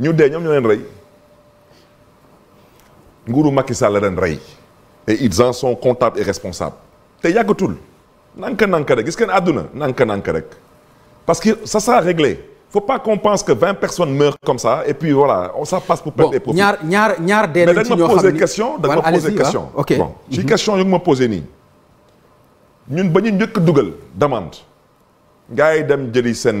ñu dee ñoom ñoo leen rey nguuru Macky Sall la leen rey et ils en sont comptables et responsables te yàggatul nanka nanka rek gis ngeen àdduna nanka nanka rek parce que sa sera réglé faut pas qu'on pense que vingt personnes meurent comme ça et puis voilà on ça passe pour perdre des profits. ñaar ñaar ñaar dee nañ ci ni question da ah, mhm. nga nii ñun ba ñu njëkk dugal demande. gars dem jëli seen.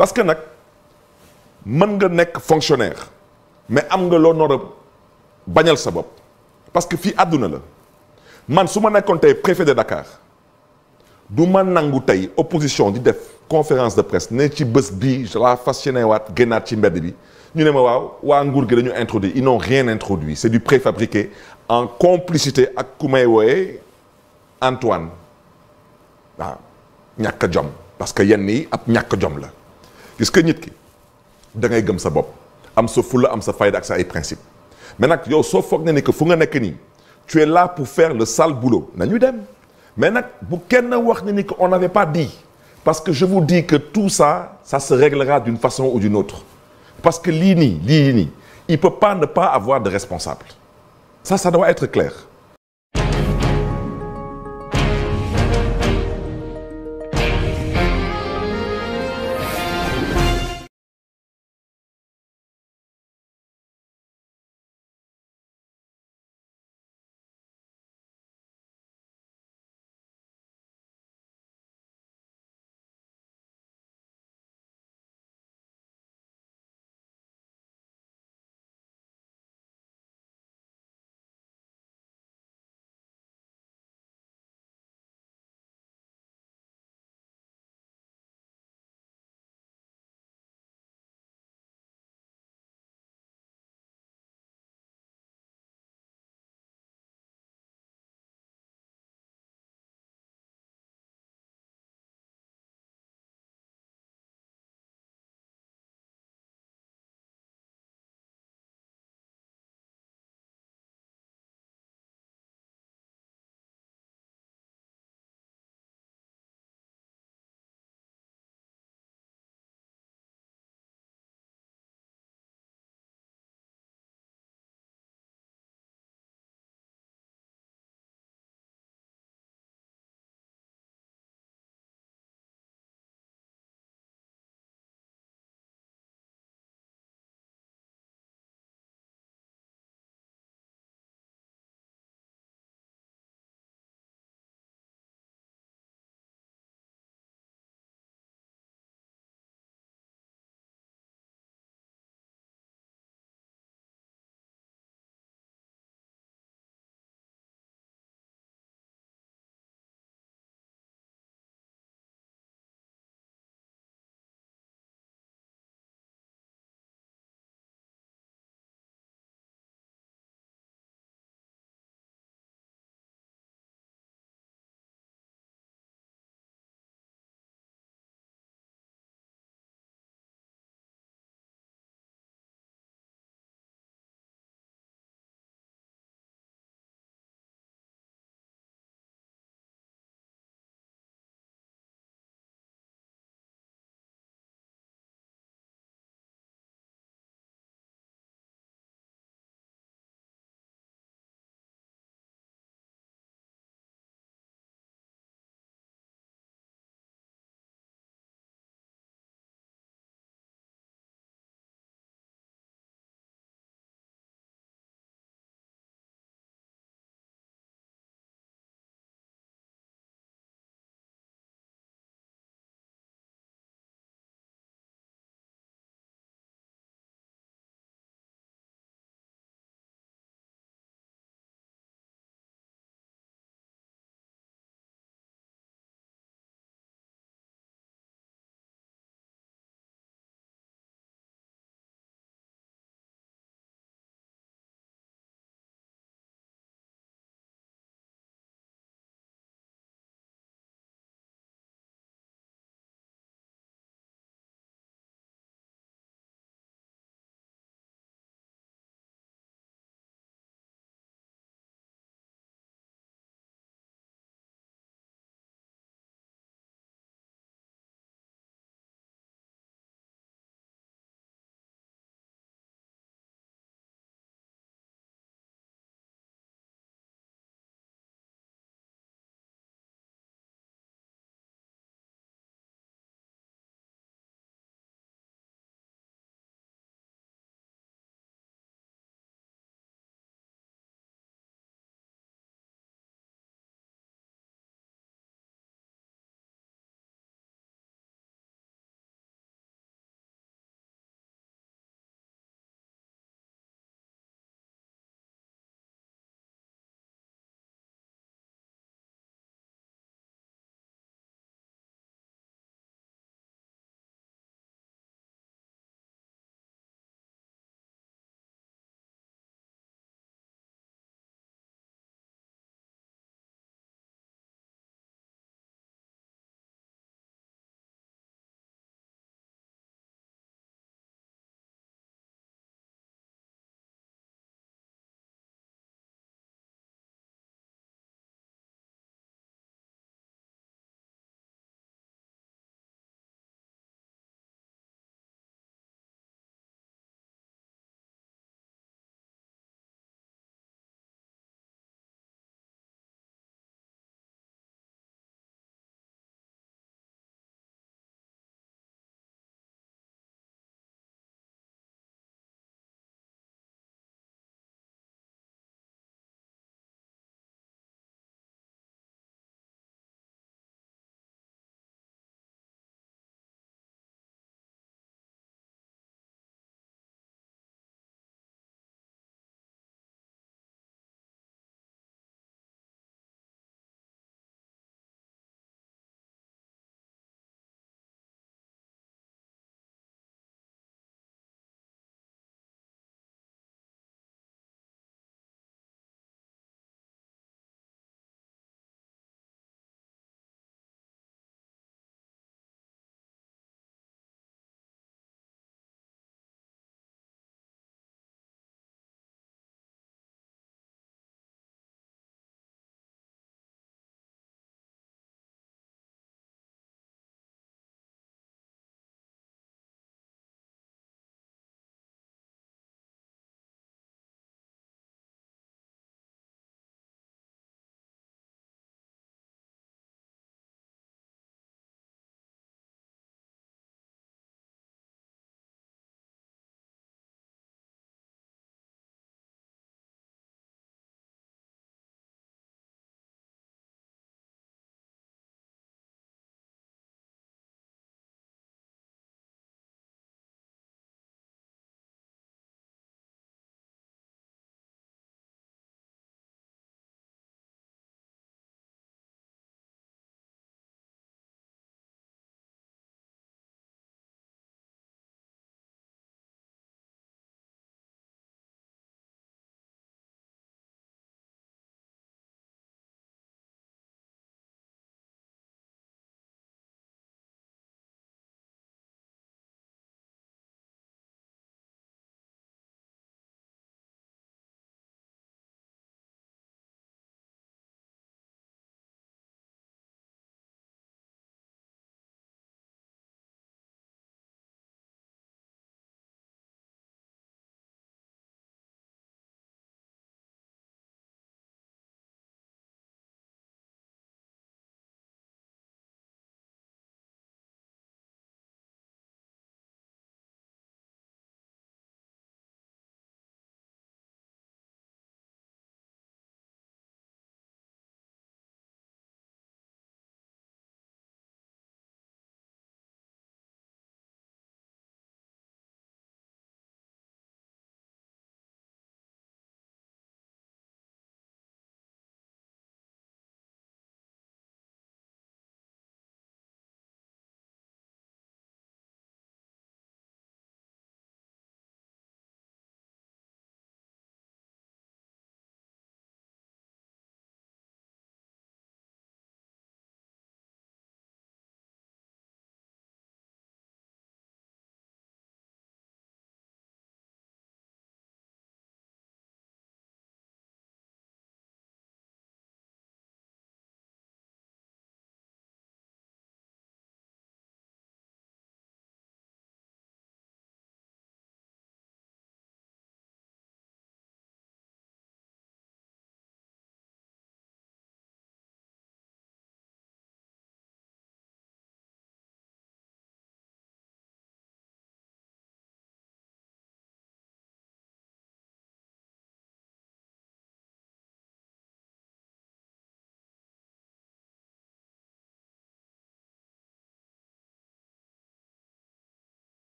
parce que nag mën nga nekk fonctionnaire mais am nga loo nar bañal sa bopp parce que fii àdduna la man su ma nekkoon tey préfet de Dakar du ma nangu tey opposition di def conférence de presse ne ci bës bi la fas yéene waat génnaat ci mbedd bi ñu ne ma waaw waa nguur gi dañu introduit ils n'ont rien introduit c'est du préfabriqué en complicité ak ku may wooyee Antoine waaw ñàkk jom parce que yenn yi ab ñàkk jom la gis que nit ki da ngay gëm sa bopp am sa fulla am sa fayda ak principe mais nag yow soo foog ne ni que fu nga nekk nii tu es là pour faire le sale boulot nañu dem mais nag bu kenn wax ne ni que on n'avait pas dit parce que je vous dis que tout ça ça se réglera d'une façon ou d'une autre parce que lii nii lii nii il peut pas ne pas avoir de responsable ça ça doit être clair